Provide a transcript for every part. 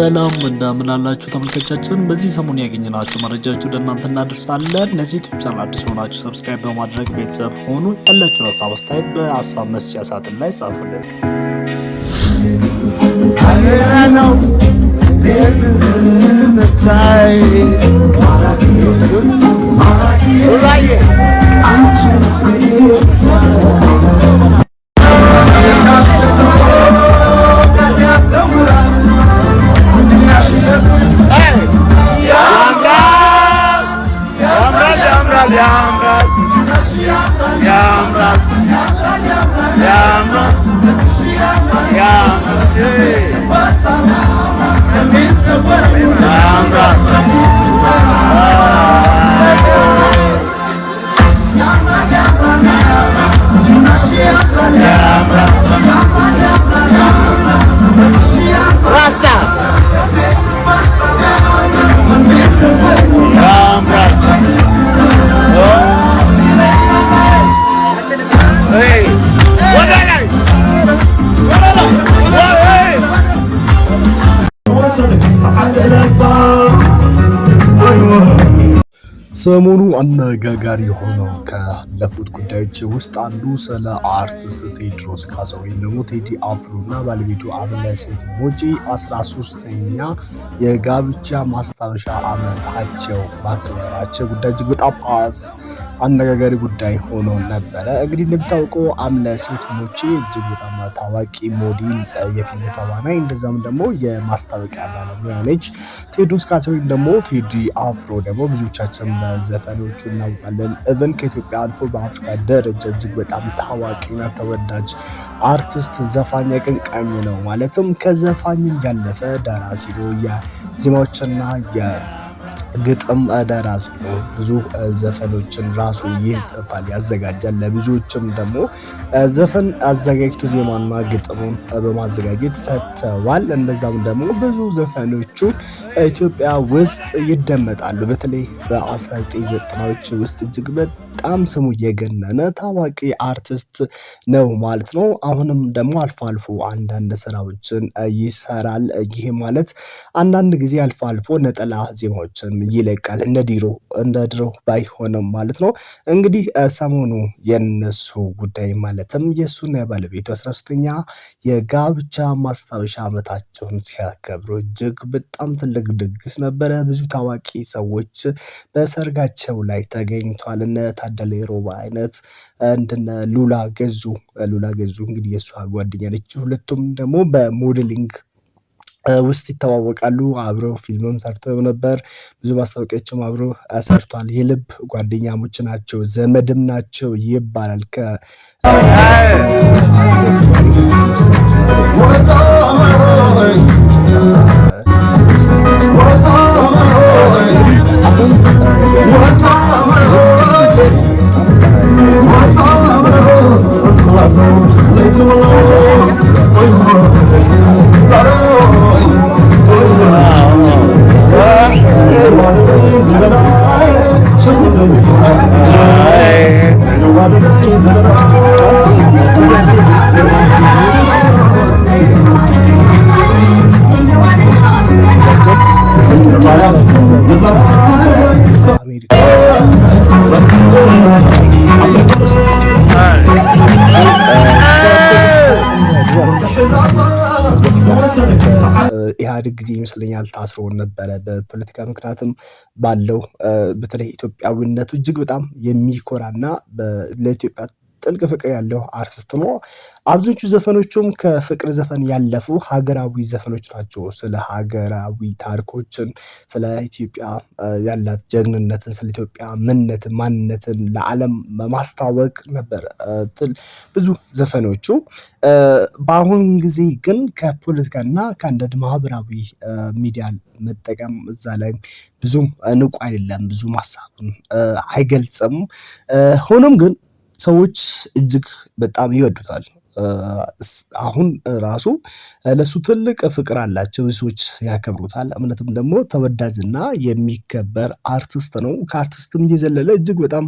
ሰላም እንደምን አላችሁ ተመልካቾቻችን። በዚህ ሰሞን ያገኘናችሁ መረጃዎች ወደ እናንተ እናደርሳለን። ለዚህ ዩቲዩብ ቻናል አዲስ ሆናችሁ ሰብስክራይብ በማድረግ ቤተሰብ ሆኑ። ያላችሁ ሀሳብ አስተያየት በሀሳብ መስጫ ሳጥን ላይ ጻፉልን። Yamba, yamba, yamba ሰሞኑ አነጋጋሪ ሆነው ካለፉት ጉዳዮች ውስጥ አንዱ ስለ አርቲስት ቴድሮስ ካሳ ወይም ደግሞ ቴዲ አፍሮ እና ባለቤቱ አምለሰት ቦጬ 13ኛ የጋብቻ ማስታወሻ ዓመታቸው ማክበራቸው ጉዳይ እጅግ በጣም አነጋጋሪ ጉዳይ ሆኖ ነበረ። እንግዲህ እንደምታውቀው አምለሰት ሙጬ እጅግ በጣም ታዋቂ ሞዴል፣ የፊልም ተዋናይ እንደዛም ደግሞ የማስታወቂያ ባለሙያ ነች። ቴዲ ውስካቸው ወይም ደግሞ ቴዲ አፍሮ ደግሞ ብዙዎቻችን ዘፈኖቹ እናውቃለን። እብን ከኢትዮጵያ አልፎ በአፍሪካ ደረጃ እጅግ በጣም ታዋቂና ተወዳጅ አርቲስት፣ ዘፋኝ፣ አቀንቃኝ ነው። ማለትም ከዘፋኝም ያለፈ ደራሲ ነው። የዜማዎችና የ ግጥም ደራሲ ነው። ብዙ ዘፈኖችን ራሱ ይጽፋል፣ ያዘጋጃል። ለብዙዎችም ደግሞ ዘፈን አዘጋጅቱ ዜማና ግጥሙን በማዘጋጀት ሰጥተዋል። እንደዛም ደግሞ ብዙ ዘፈኖቹ ኢትዮጵያ ውስጥ ይደመጣሉ። በተለይ በ1990ዎች ውስጥ እጅግ በጣም ስሙ የገነነ ታዋቂ አርቲስት ነው ማለት ነው። አሁንም ደግሞ አልፎ አልፎ አንዳንድ ስራዎችን ይሰራል። ይሄ ማለት አንዳንድ ጊዜ አልፎ አልፎ ነጠላ ዜማዎችን ይለቃል እንደ ዲሮ እንደ ድሮ ባይሆንም ማለት ነው። እንግዲህ ሰሞኑ የነሱ ጉዳይ ማለትም የእሱና የባለቤቱ አስራ ሶስተኛ የጋብቻ ማስታወሻ ዓመታቸውን ሲያከብሩ እጅግ በጣም ትልቅ ድግስ ነበረ። ብዙ ታዋቂ ሰዎች በሰርጋቸው ላይ ተገኝቷል። እነ ዳሌሮባ አይነት እንደነ ሉላ ገዙ ሉላ ገዙ እንግዲህ የእሷ ጓደኛ ነች። ሁለቱም ደግሞ በሞዴሊንግ ውስጥ ይተዋወቃሉ አብረው ፊልምም ሰርተው ነበር። ብዙ ማስታወቂያዎችም አብሮ ሰርቷል። የልብ ጓደኛሞች ናቸው ዘመድም ናቸው ይባላል። ከ ጊዜ ይመስለኛል ታስሮ ነበረ። በፖለቲካ ምክንያትም ባለው በተለይ ኢትዮጵያዊነቱ እጅግ በጣም የሚኮራና ለኢትዮጵያ ጥልቅ ፍቅር ያለው አርቲስት ነው። አብዞቹ ዘፈኖቹም ከፍቅር ዘፈን ያለፉ ሀገራዊ ዘፈኖች ናቸው። ስለ ሀገራዊ ታሪኮችን፣ ስለ ኢትዮጵያ ያላት ጀግንነትን፣ ስለ ኢትዮጵያ ምንነትን፣ ማንነትን ለዓለም ማስታወቅ ነበር ብዙ ዘፈኖቹ። በአሁን ጊዜ ግን ከፖለቲካና ከአንዳንድ ማህበራዊ ሚዲያ መጠቀም እዛ ላይ ብዙም ንቁ አይደለም፣ ብዙም ሀሳቡን አይገልጽም። ሆኖም ግን ሰዎች እጅግ በጣም ይወዱታል። አሁን ራሱ ለሱ ትልቅ ፍቅር አላቸው። ሰዎች ያከብሩታል። እምነትም ደግሞ ተወዳጅና የሚከበር አርቲስት ነው። ከአርቲስትም እየዘለለ እጅግ በጣም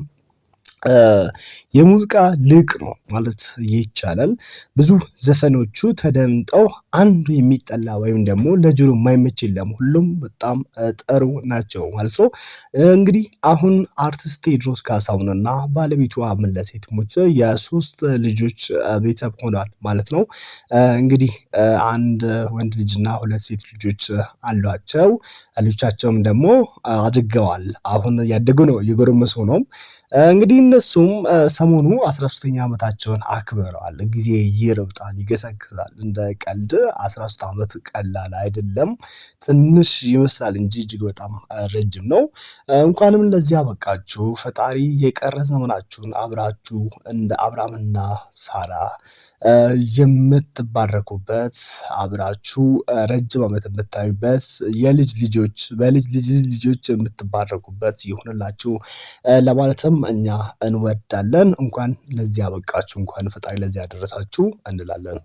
የሙዚቃ ልቅ ነው ማለት ይቻላል። ብዙ ዘፈኖቹ ተደምጠው አንዱ የሚጠላ ወይም ደግሞ ለጆሮ የማይመች ለም ሁሉም በጣም ጥሩ ናቸው ማለት ነው። እንግዲህ አሁን አርቲስት ካሳሁን ካሳሁንና ባለቤቱ ምለት የትሞች የሶስት ልጆች ቤተሰብ ሆኗል ማለት ነው። እንግዲህ አንድ ወንድ ልጅና ሁለት ሴት ልጆች አሏቸው። ልጆቻቸውም ደግሞ አድገዋል። አሁን ያደጉ ነው፣ እየጎረመሱ ነው። እንግዲህ እነሱም ሰሞኑ 13ኛ ዓመታቸውን አክብረዋል። ጊዜ ይርብጣል፣ ይገሰግሳል። እንደ ቀልድ 13 ዓመት ቀላል አይደለም። ትንሽ ይመስላል እንጂ እጅግ በጣም ረጅም ነው። እንኳንም ለዚህ አበቃችሁ። ፈጣሪ የቀረ ዘመናችሁን አብራችሁ እንደ አብርሃምና ሳራ የምትባረኩበት አብራችሁ ረጅም ዓመት የምታዩበት የልጅ ልጆች በልጅ ልጅ ልጆች የምትባረኩበት ይሁንላችሁ ለማለትም እኛ እንወዳለን። እንኳን ለዚህ አበቃችሁ፣ እንኳን ፈጣሪ ለዚህ ያደረሳችሁ እንላለን።